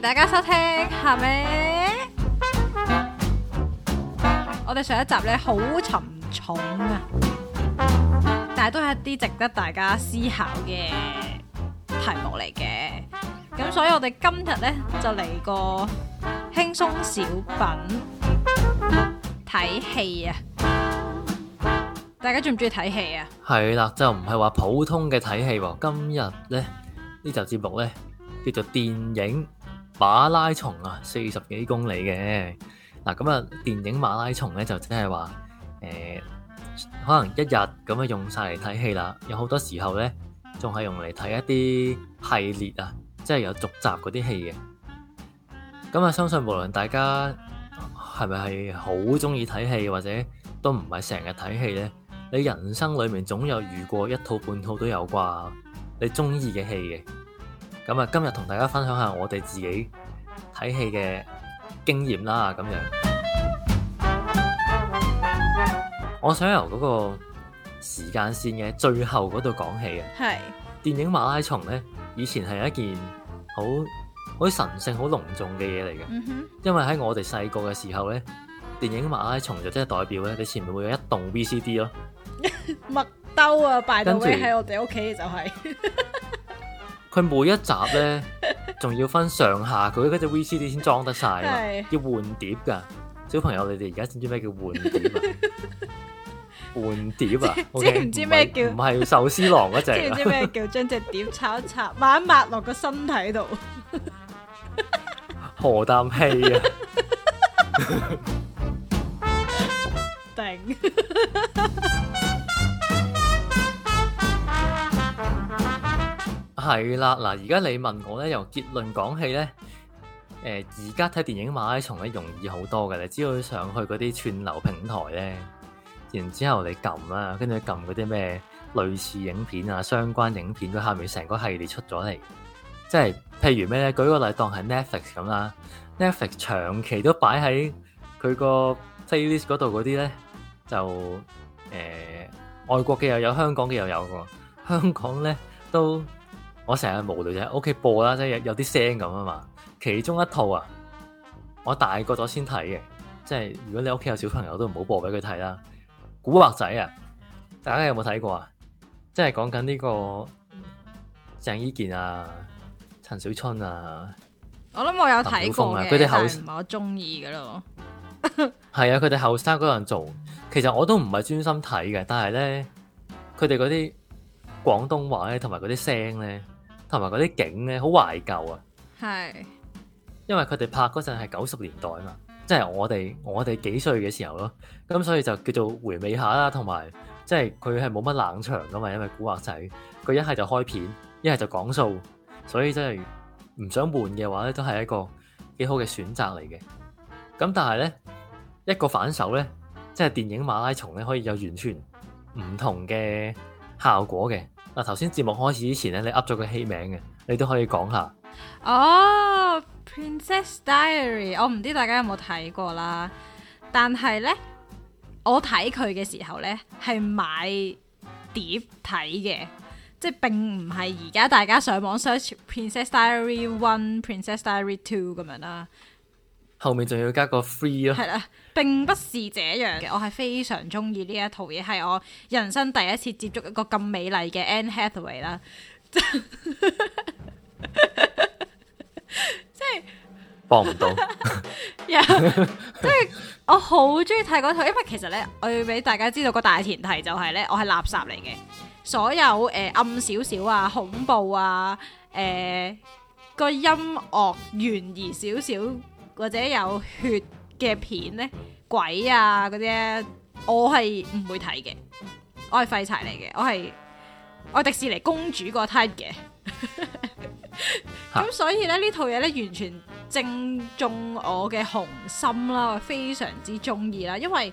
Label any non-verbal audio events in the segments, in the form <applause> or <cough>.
大家收聽係咪？我哋上一集咧好沉重啊，但係都係一啲值得大家思考嘅題目嚟嘅。咁所以我哋今日咧就嚟個輕鬆小品睇戲啊！大家鍾唔鍾意睇戲啊？係啦，就唔係話普通嘅睇戲喎。今日咧呢集節目咧叫做電影。馬拉松啊，四十幾公里嘅嗱，咁啊電影馬拉松咧就即係話，誒、欸、可能一日咁啊用晒嚟睇戲啦，有好多時候咧仲係用嚟睇一啲系列啊，即係有續集嗰啲戲嘅。咁啊，相信無論大家係咪係好中意睇戲，或者都唔係成日睇戲咧，你人生裏面總有遇過一套半套都有啩，你中意嘅戲嘅。咁啊，今日同大家分享下我哋自己睇戲嘅經驗啦，咁樣。 <music> 我想由嗰個時間線嘅最後嗰度講起嘅。係。電影馬拉松咧，以前係一件好好神聖、好隆重嘅嘢嚟嘅。嗯哼。因為喺我哋細個嘅時候咧，電影馬拉松就即係代表咧，你前面會有一棟 VCD 咯。麥 <music> 兜啊，擺到位喺我哋屋企就係、是。 <laughs> 佢每一集咧，仲要分上下，佢嗰隻 VCD 先裝得晒啊！要換碟噶，小朋友，你哋而家知唔知咩叫換碟？換 <laughs> 碟啊？知唔知咩、okay? 叫唔係壽司狼嗰隻？知唔知咩叫將隻碟插一插，抹一抹落個身體度？ <laughs> 何啖氣氣啊！頂 <laughs> 定！ <laughs> 係啦，嗱，而家你問我咧，由結論講起咧，誒，而家睇電影馬拉松咧，容易好多嘅咧，只要上去嗰啲串流平台咧，然之後你撳啦，跟住撳嗰啲咩類似影片啊、相關影片，佢下面成個系列出咗嚟，即係譬如咩咧，舉個例當係 Netflix 咁啦，Netflix 長期都擺喺佢個 playlist 嗰度嗰啲咧，就誒、呃、外國嘅又有，香港嘅又有個，香港咧都。我成日無聊就屋企播啦，即係有有啲聲咁啊嘛。其中一套啊，我大個咗先睇嘅，即係如果你屋企有小朋友都唔好播俾佢睇啦。古惑仔啊，大家有冇睇過啊？即係講緊呢個鄭伊健啊、陳小春啊，我諗我有睇過啊，佢哋後唔係我中意噶咯，係 <laughs> 啊，佢哋後生嗰陣做，其實我都唔係專心睇嘅，但係咧，佢哋嗰啲廣東話咧，同埋嗰啲聲咧。同埋嗰啲景咧好懷舊啊！係，因為佢哋拍嗰陣係九十年代嘛，即係我哋我哋幾歲嘅時候咯，咁所以就叫做回味下啦。同埋即係佢係冇乜冷場噶嘛，因為古惑仔佢一係就開片，一係就講數，所以真係唔想換嘅話咧，都係一個幾好嘅選擇嚟嘅。咁但係咧，一個反手咧，即係電影馬拉松咧，可以有完全唔同嘅效果嘅。嗱，頭先節目開始之前咧，你噏咗個戲名嘅，你都可以講下。哦，《Princess Diary》，我唔知大家有冇睇過啦，但係咧，我睇佢嘅時候咧係買碟睇嘅，即係並唔係而家大家上網 search《Princess Diary One》、《Princess Diary Two》咁樣啦。後面仲要加個 free 咯、啊，係啦、啊，並不是這樣嘅。我係非常中意呢一套嘢，係我人生第一次接觸一個咁美麗嘅 Anne Hathaway 啦，即係幫唔到，即係、 <laughs> yeah, 我好中意睇嗰套，因為其實咧我要俾大家知道個大前提就係咧，我係垃圾嚟嘅，所有誒、呃、暗少少啊，恐怖啊，誒、呃，那個音樂懸疑少少。或者有血嘅片呢，鬼啊嗰啲，我係唔會睇嘅，我係廢柴嚟嘅，我係我係迪士尼公主個 type 嘅、啊，咁 <laughs> 所以咧呢套嘢呢，完全正中我嘅紅心啦，我非常之中意啦，因為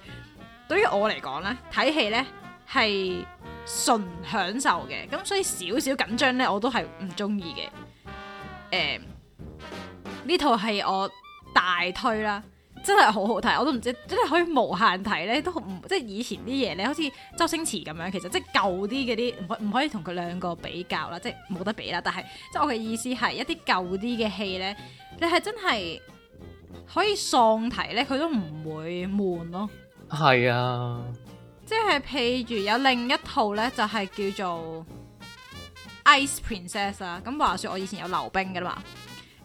對於我嚟講呢，睇戲呢係純享受嘅，咁所以少少緊張呢，我都係唔中意嘅，誒、呃、呢套係我。大推啦，真係好好睇，我都唔知真係可以無限睇咧，都唔即係以前啲嘢咧，好似周星馳咁樣，其實即係舊啲嗰啲唔可唔可以同佢兩個比較啦，即係冇得比啦。但係即係我嘅意思係一啲舊啲嘅戲咧，你係真係可以喪睇咧，佢都唔會悶咯。係啊，即係譬如有另一套咧，就係叫做 Ice Princess 啦。咁話說我以前有溜冰噶啦嘛。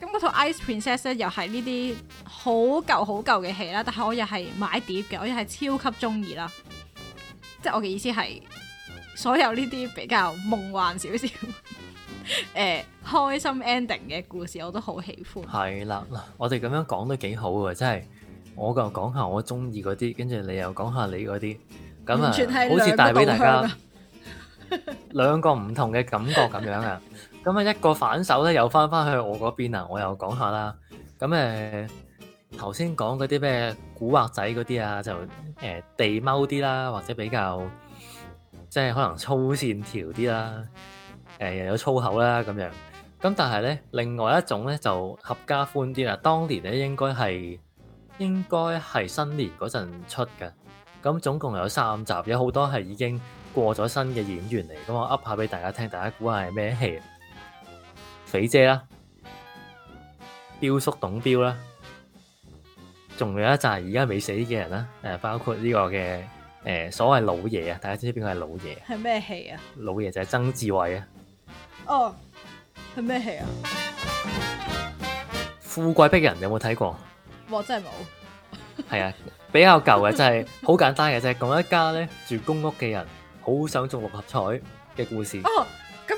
咁嗰套 Ice Princess 咧，又係呢啲好舊好舊嘅戲啦，但係我又係買碟嘅，我又係超級中意啦。即係我嘅意思係，所有呢啲比較夢幻少少，誒，開心 ending 嘅故事，我都好喜歡。係啦，嗱，我哋咁樣講都幾好嘅，真係。我就講下我中意嗰啲，跟住你又講下你嗰啲，咁啊，好似帶俾大家兩個唔同嘅感覺咁樣啊。咁啊，一個反手咧，又翻翻去我嗰邊啊！我又講下啦。咁誒，頭、呃、先講嗰啲咩古惑仔嗰啲啊，就、呃、地踎啲啦，或者比較即係可能粗線條啲啦，誒、呃、又有粗口啦咁樣。咁但係咧，另外一種咧就合家歡啲啦。當年咧，應該係應該係新年嗰陣出嘅。咁總共有三集，有好多係已經過咗身嘅演員嚟。咁我噏下俾大家聽，大家估下係咩戲？肥姐啦，驃叔董驃啦，仲有一紮而家未死嘅人啦，誒，包括呢、這個嘅，誒、呃、所謂老爺啊，大家知唔知邊個係老爺？係咩戲啊？老爺就係曾志偉啊。哦，係咩戲啊？富貴逼人有冇睇過？哇，oh，真係冇。係啊，比較舊嘅，就係、是、好簡單嘅就啫，講一家咧住公屋嘅人好想做六合彩嘅故事。Oh!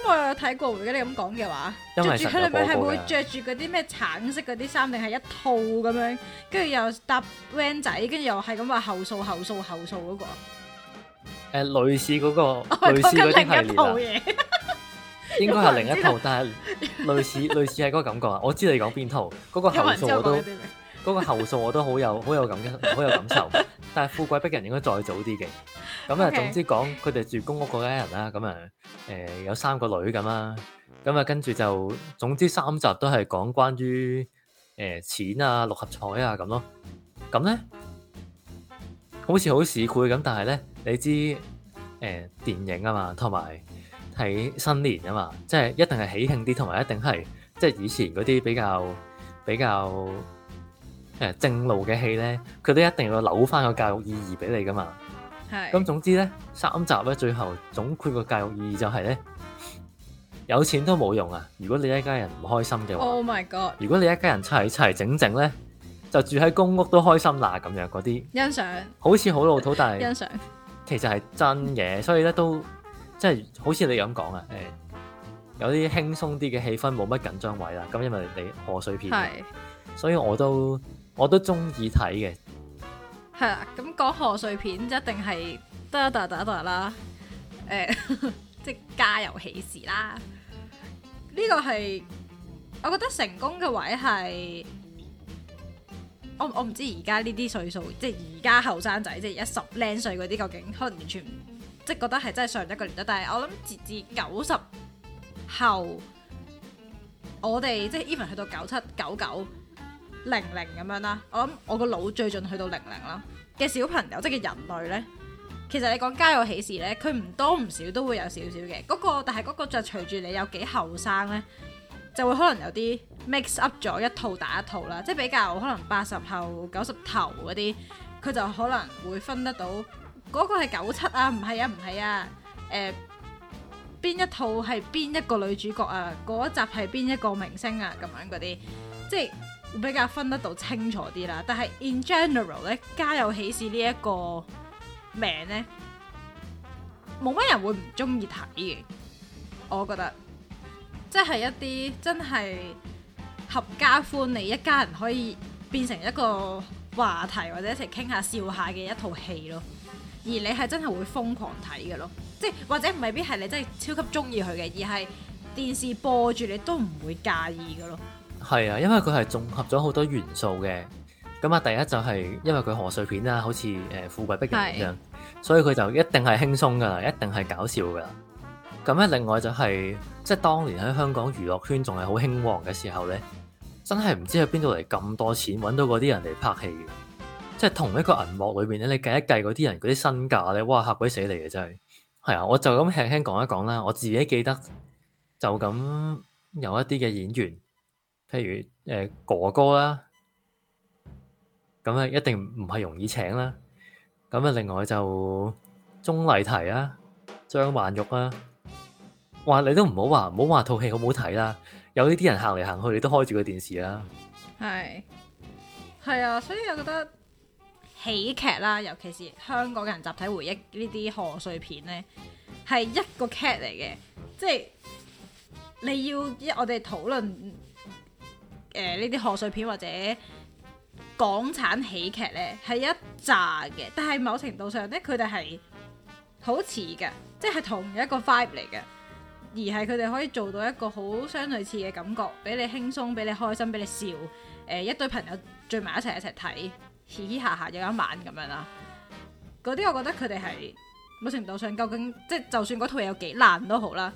咁我有睇過，如果你咁講嘅話，着住佢入面係咪會着住嗰啲咩橙色嗰啲衫，定係一套咁樣？跟住又搭 van 仔，跟住又係咁話後數後數後數嗰、嗰個？誒、呃，類似嗰、嗰個、哦，類似嗰一套嘢應該係另一套， <laughs> 一套但係類似類似係嗰個感覺啊！ <laughs> 我知道你講邊套，嗰、嗰個後數我,我都。嗰 <laughs> 個後數我都好有好有感，好有感受。但係富貴逼人應該再早啲嘅。咁啊，總之講佢哋住公屋嗰家人啦，咁啊、呃，有三個女咁啦。咁啊，跟住就總之三集都係講關於誒、呃、錢啊、六合彩啊咁咯。咁咧好似好市儈咁，但係咧你知誒、呃、電影啊嘛，同埋睇新年啊嘛，即係一定係喜慶啲，同埋一定係即係以前嗰啲比較比較。比較正路嘅戲咧，佢都一定要扭翻個教育意義俾你噶嘛。係。咁總之咧，三集咧最後總括個教育意義就係咧，有錢都冇用啊！如果你一家人唔開心嘅話，Oh my God！如果你一家人齊齊整整咧，就住喺公屋都開心啦咁樣嗰啲。欣賞。好似好老土，但係欣賞。其實係真嘅，所以咧都即係好似你咁講啊。誒、欸，有啲輕鬆啲嘅氣氛，冇乜緊張位啦。咁因為你賀歲片，係。所以我都。我都中意睇嘅，係啊，咁講賀歲片就一定係得得得得啦。誒、這個，即係家有喜事啦。呢個係我覺得成功嘅位係，我我唔知而家呢啲歲數，即係而家後生仔，即、就、係、是、一十零歲嗰啲，究竟可能完全即係、就是、覺得係真係上一個年代。但係我諗截至九十後，我哋即係 even 去到九七九九。零零咁樣啦，我諗我個腦最盡去到零零啦嘅小朋友，即係嘅人類呢，其實你講家有喜事呢，佢唔多唔少都會有少少嘅嗰個，但係嗰個就隨住你有幾後生呢，就會可能有啲 mix up 咗一套打一套啦，即係比較可能八十後九十頭嗰啲，佢就可能會分得到嗰個係九七啊，唔係啊，唔係啊，誒，邊一套係邊一個女主角啊，嗰集係邊一個明星啊，咁樣嗰啲，即係。會比較分得到清楚啲啦，但係 in general 咧，家有喜事呢一個名咧，冇乜人會唔中意睇嘅，我覺得，即係一啲真係合家歡利，你一家人可以變成一個話題，或者一齊傾下笑下嘅一套戲咯。而你係真係會瘋狂睇嘅咯，即係或者未必係你真係超級中意佢嘅，而係電視播住你都唔會介意嘅咯。係啊，因為佢係綜合咗好多元素嘅，咁啊第一就係因為佢賀歲片啊，好似誒、呃、富貴逼人咁樣，所以佢就一定係輕鬆噶啦，一定係搞笑噶啦。咁咧、啊、另外就係、是、即係當年喺香港娛樂圈仲係好興旺嘅時候咧，真係唔知喺邊度嚟咁多錢揾到嗰啲人嚟拍戲。即係同一個銀幕裏邊咧，你計一計嗰啲人嗰啲身價咧，哇嚇鬼死你嘅真係。係啊，我就咁輕輕講一講啦，我自己記得就咁有一啲嘅演員。譬如誒、欸、哥哥啦，咁啊一定唔係容易請啦。咁啊，另外就鐘麗緹啊、張曼玉啊，哇！你都唔好話唔好話套戲好唔好睇啦。有呢啲人行嚟行去，你都開住個電視啦。係係啊，所以我覺得喜劇啦，尤其是香港人集體回憶些賀歲呢啲賀歲片咧，係一個劇嚟嘅，即係你要我哋討論。誒、呃，呢啲賀歲片或者港產喜劇呢係一紮嘅，但係某程度上呢，佢哋係好似嘅，即係同一個 vibe 嚟嘅，而係佢哋可以做到一個好相類似嘅感覺，俾你輕鬆，俾你開心，俾你笑。誒、呃，一堆朋友聚埋一齊一齊睇，嘻嘻哈哈有一晚咁樣啦。嗰啲我覺得佢哋係某程度上，究竟即係就算嗰套嘢有幾爛都好啦，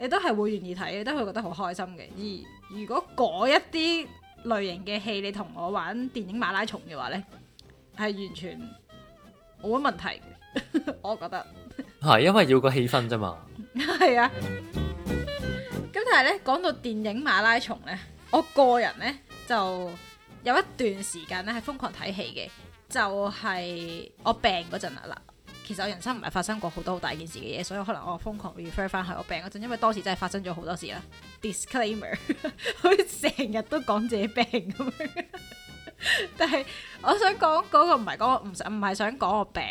你都係會願意睇，你都會覺得好開心嘅。而如果嗰一啲類型嘅戲，你同我玩電影馬拉松嘅話呢係完全冇乜問題 <laughs> 我覺得。係因為要個氣氛啫嘛。係啊。咁但係呢，講到電影馬拉松呢，我個人呢，就有一段時間呢係瘋狂睇戲嘅，就係、係、我病嗰陣啊啦。其實我人生唔係發生過好多好大件事嘅嘢，所以我可能我瘋狂 refer 翻係我病嗰陣，因為當時真係發生咗好多事啦。Disclaimer， <laughs> 好似成日都講自己病咁樣， <laughs> 但係我想講嗰個唔係講我唔想唔係想講我病，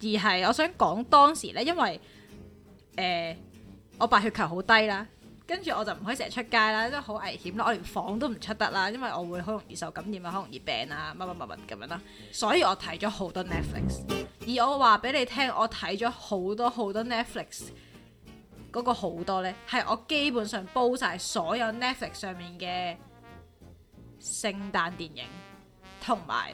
而係我想講當時咧，因為誒、呃、我白血球好低啦。跟住我就唔可以成日出街啦，因為好危險啦。我連房都唔出得啦，因為我會好容易受感染啊，好容易病啊，乜乜乜乜咁樣啦。所以我睇咗好多 Netflix，而我話俾你聽，我睇咗好多好多 Netflix，嗰個好多呢，係我基本上煲晒所有 Netflix 上面嘅聖誕電影同埋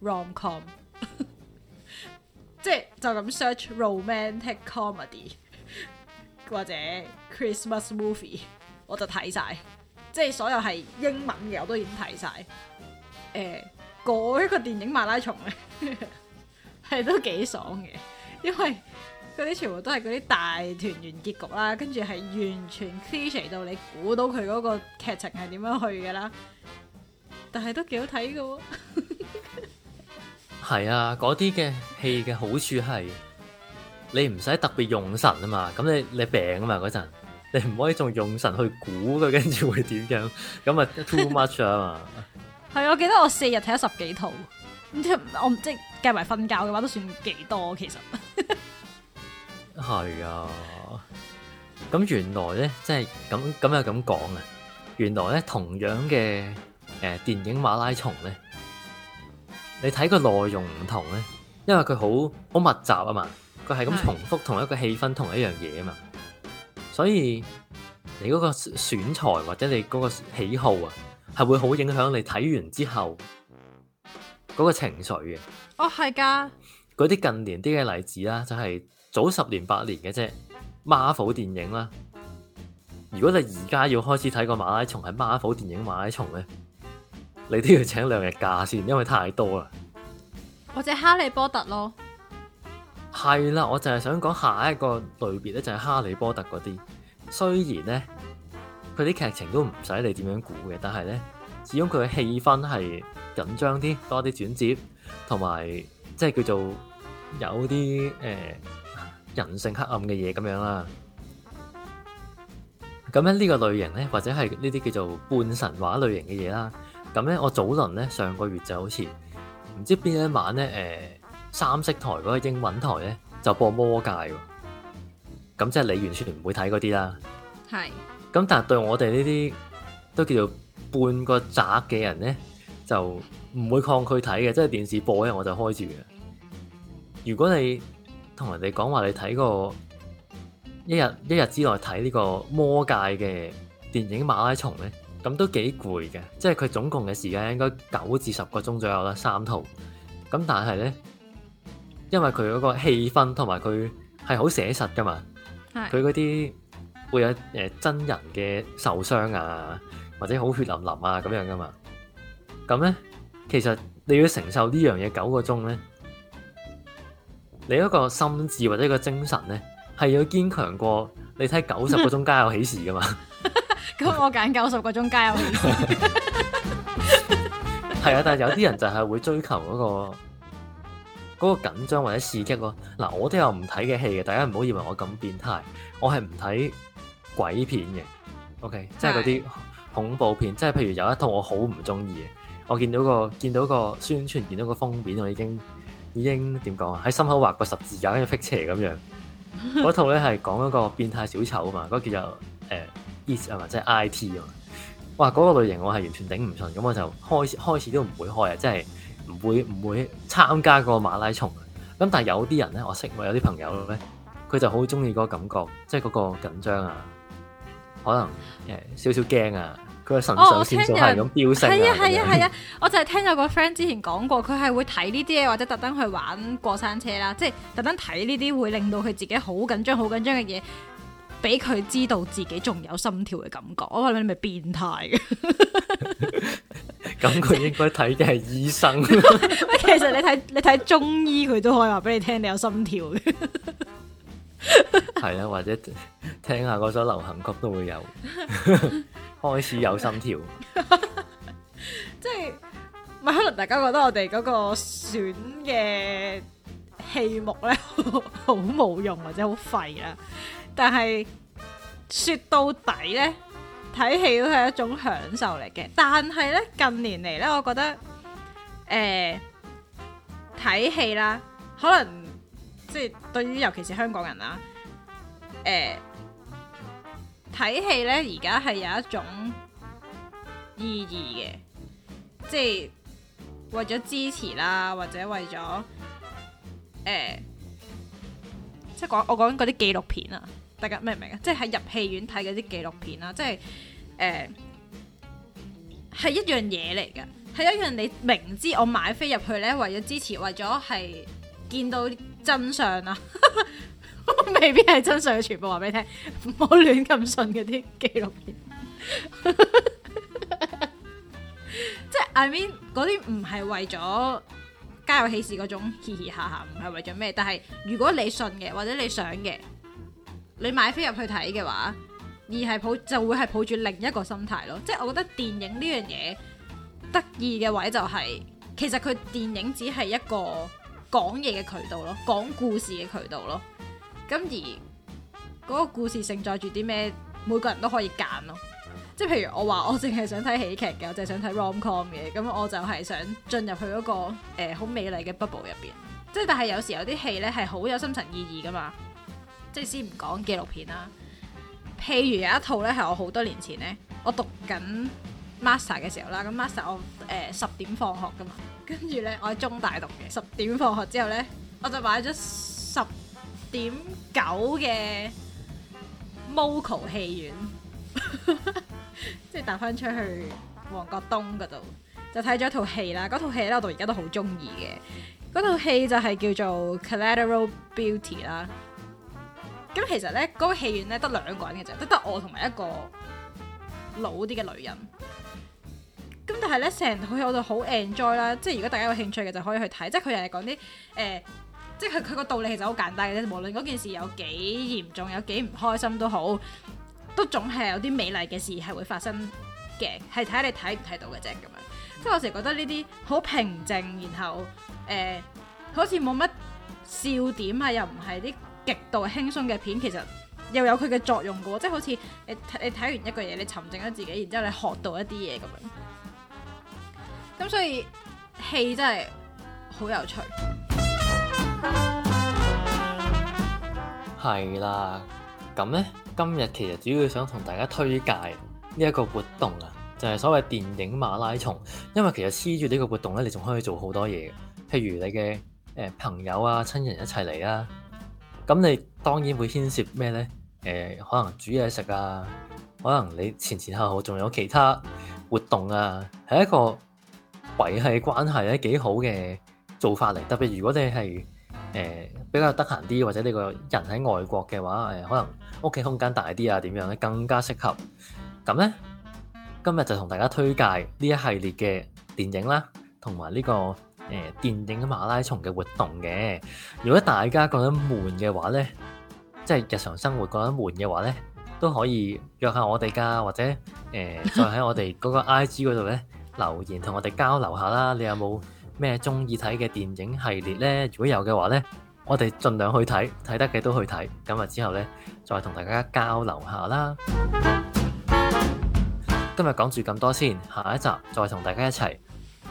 rom com <laughs> 就是。即係就咁 search romantic comedy。或者 Christmas movie，我就睇晒，即係所有係英文嘅我都已經睇晒。誒、欸，改、那、一個電影馬拉松咧，係 <laughs> 都幾爽嘅，因為嗰啲全部都係嗰啲大團圓結局啦，跟住係完全 cliché 到你估到佢嗰個劇情係點樣去噶啦，但係都幾好睇嘅。係啊，嗰啲嘅戲嘅好處係。你唔使特別用神啊嘛，咁你你病啊嘛嗰陣，你唔可以仲用神去估佢跟住會點樣，咁啊 too much 啊嘛。係， <laughs> 我記得我四日睇咗十幾套，咁即我唔知計埋瞓覺嘅話都算幾多其實。係 <laughs> 啊，咁原來咧即咁咁又咁講啊，原來咧同樣嘅誒、呃、電影馬拉松咧，你睇個內容唔同咧，因為佢好好密集啊嘛。佢係咁重複同一個氣氛，同一樣嘢啊嘛，所以你嗰個選材或者你嗰個喜好啊，係會好影響你睇完之後嗰、那個情緒嘅。哦，係噶。舉啲近年啲嘅例子啦、啊，就係、是、早十年八年嘅啫。Marvel 電影啦，如果你而家要開始睇個馬拉松係 Marvel 電影馬拉松咧，你都要請兩日假先，因為太多啦。或者《哈利波特》咯。係啦，我就係想講下一個類別咧，就係《哈利波特》嗰啲。雖然咧，佢啲劇情都唔使你點樣估嘅，但係咧，始終佢嘅氣氛係緊張啲，多啲轉折，同埋即係叫做有啲誒、呃、人性黑暗嘅嘢咁樣啦。咁咧呢個類型咧，或者係呢啲叫做半神話類型嘅嘢啦。咁咧，我早輪咧上個月就好似唔知邊一晚咧誒。呃三色台嗰個英文台咧就播魔戒喎，咁即係你完全唔會睇嗰啲啦。係，咁但係對我哋呢啲都叫做半個宅嘅人咧，就唔會抗拒睇嘅，即係電視播咧我就開住嘅。如果你同人哋講話你睇過一日一日之內睇呢個魔戒嘅電影馬拉松咧，咁都幾攰嘅，即係佢總共嘅時間應該九至十個鐘左右啦，三套。咁但係咧。因為佢嗰個氣氛同埋佢係好寫實噶嘛，佢嗰啲會有誒、呃、真人嘅受傷啊，或者好血淋淋啊咁樣噶嘛。咁呢，其實你要承受呢樣嘢九個鐘呢，你嗰個心智或者個精神呢，係要堅強過你睇九十個鐘家 <laughs> <laughs> <laughs> <laughs> <laughs> 有喜事噶嘛。咁我揀九十個鐘家有喜事。係啊，但係有啲人就係會追求嗰、嗰個。嗰個緊張或者刺激咯，嗱，我都有唔睇嘅戲嘅，大家唔好以為我咁變態，我係唔睇鬼片嘅，OK，即係嗰啲恐怖片，即係譬如有一套我好唔中意嘅，我見到個見到個宣傳，見到個封面，我已經已經點講啊？喺心口畫個十字架，跟住辟邪咁樣。嗰 <laughs> 套咧係講一個變態小丑啊嘛，嗰個叫做誒、呃、IT 啊嘛，即係 IT 啊嘛。哇，嗰個類型我係完全頂唔順，咁我就開始都唔會開啊，即係。唔會唔會參加個馬拉松，咁但係有啲人咧，我識我有啲朋友咧，佢就好中意嗰個感覺，即係嗰個緊張啊，可能誒少少驚啊，佢個神神線索係咁飆升啊，係啊係啊係啊，我就係聽有個 friend 之前講過，佢係會睇呢啲嘢，或者特登去玩過山車啦，即係特登睇呢啲會令到佢自己好緊張好緊張嘅嘢。俾佢知道自己仲有心跳嘅感覺，我話你係咪變態嘅。咁 <laughs> 佢 <laughs> 應該睇嘅係醫生。 <laughs> <laughs> 其實你睇你睇中醫，佢都可以話俾你聽你有心跳嘅。係 <laughs> 啦、啊，或者聽下嗰首流行曲都會有， <laughs> 開始有心跳。即 <laughs> 係、就是，唔係可能大家覺得我哋嗰個選嘅戲目咧好冇用或者好廢啦。但係說到底呢，睇戲都係一種享受嚟嘅。但係呢，近年嚟呢，我覺得誒睇戲啦，可能即係對於尤其是香港人啦，誒睇戲呢而家係有一種意義嘅，即係為咗支持啦，或者為咗誒、呃、即係講我講緊嗰啲紀錄片啊。大家明唔明啊？即係喺入戲院睇嗰啲紀錄片啦，即係誒係一樣嘢嚟㗎，係一樣你明知我買飛入去咧，為咗支持，為咗係見到真相啊， <laughs> 未必係真相，全部話俾你聽，唔好亂咁信嗰啲紀錄片。 <laughs> <laughs> 即係 I mean 嗰啲唔係為咗家有喜事嗰種嘻嘻哈哈，唔係為咗咩？但係如果你信嘅，或者你想嘅。你買飛入去睇嘅話，而係抱就會係抱住另一個心態咯，即係我覺得電影呢樣嘢得意嘅位就係、是，其實佢電影只係一個講嘢嘅渠道咯，講故事嘅渠道咯，咁而嗰個故事承載住啲咩，每個人都可以揀咯，即係譬如我話我淨係想睇喜劇嘅，我淨係想睇 rom com 嘅，咁我就係想進入去嗰、嗰個誒好、呃、美麗嘅 bubble 入邊，即係但係有時候有啲戲咧係好有深層意義噶嘛。即係先唔講紀錄片啦，譬如有一套咧，係我好多年前咧，我讀緊 master 嘅時候啦。咁 master 我誒、呃、十點放學噶嘛，跟住咧我喺中大讀嘅十點放學之後咧，我就買咗十點九嘅 Moco 戲院，即係搭翻出去旺角東嗰度就睇咗一套戲啦。嗰套戲咧，我到而家都好中意嘅。嗰套戲就係叫做《Collateral Beauty》啦。咁其實咧，嗰個戲院咧得兩個人嘅啫，得得我同埋一個老啲嘅女人。咁但係咧，成套戲我就好 enjoy 啦，即係如果大家有興趣嘅就可以去睇。即係佢又係講啲誒，即係佢佢個道理其實好簡單嘅啫。無論嗰件事有幾嚴重，有幾唔開心都好，都總係有啲美麗嘅事係會發生嘅，係睇下你睇唔睇到嘅啫。咁樣即係我成日覺得呢啲好平靜，然後誒好似冇乜笑點啊，又唔係啲。極度輕鬆嘅片其實又有佢嘅作用嘅，即係好似你睇你睇完一個嘢，你沉靜咗自己，然之後你學到一啲嘢咁樣。咁所以戲真係好有趣。係啦，咁呢，今日其實主要想同大家推介呢一個活動啊，就係所謂電影馬拉松。因為其實黐住呢個活動呢，你仲可以做好多嘢，譬如你嘅誒、呃、朋友啊、親人一齊嚟啦。咁你當然會牽涉咩呢？呃，可能煮嘢食啊，可能你前前後後仲有其他活動啊，係一個維繫關係幾好嘅做法嚟。特別如果你係、呃、比較得閒啲，或者你個人喺外國嘅話，呃，可能屋企空間大啲啊，點樣呢更加適合。咁呢，今日就同大家推介呢一系列嘅電影啦，同埋呢個。誒，電影馬拉松嘅活動嘅，如果大家覺得悶嘅話呢，即係日常生活覺得悶嘅話呢，都可以約下我哋㗎，或者誒，再喺我哋嗰個 IG 嗰度呢，留言，同我哋交流下啦。你有冇咩中意睇嘅電影系列呢？如果有嘅話呢，我哋盡量去睇，睇得嘅都去睇。咁啊之後呢，再同大家交流下啦。今日講住咁多先，下一集再同大家一齊。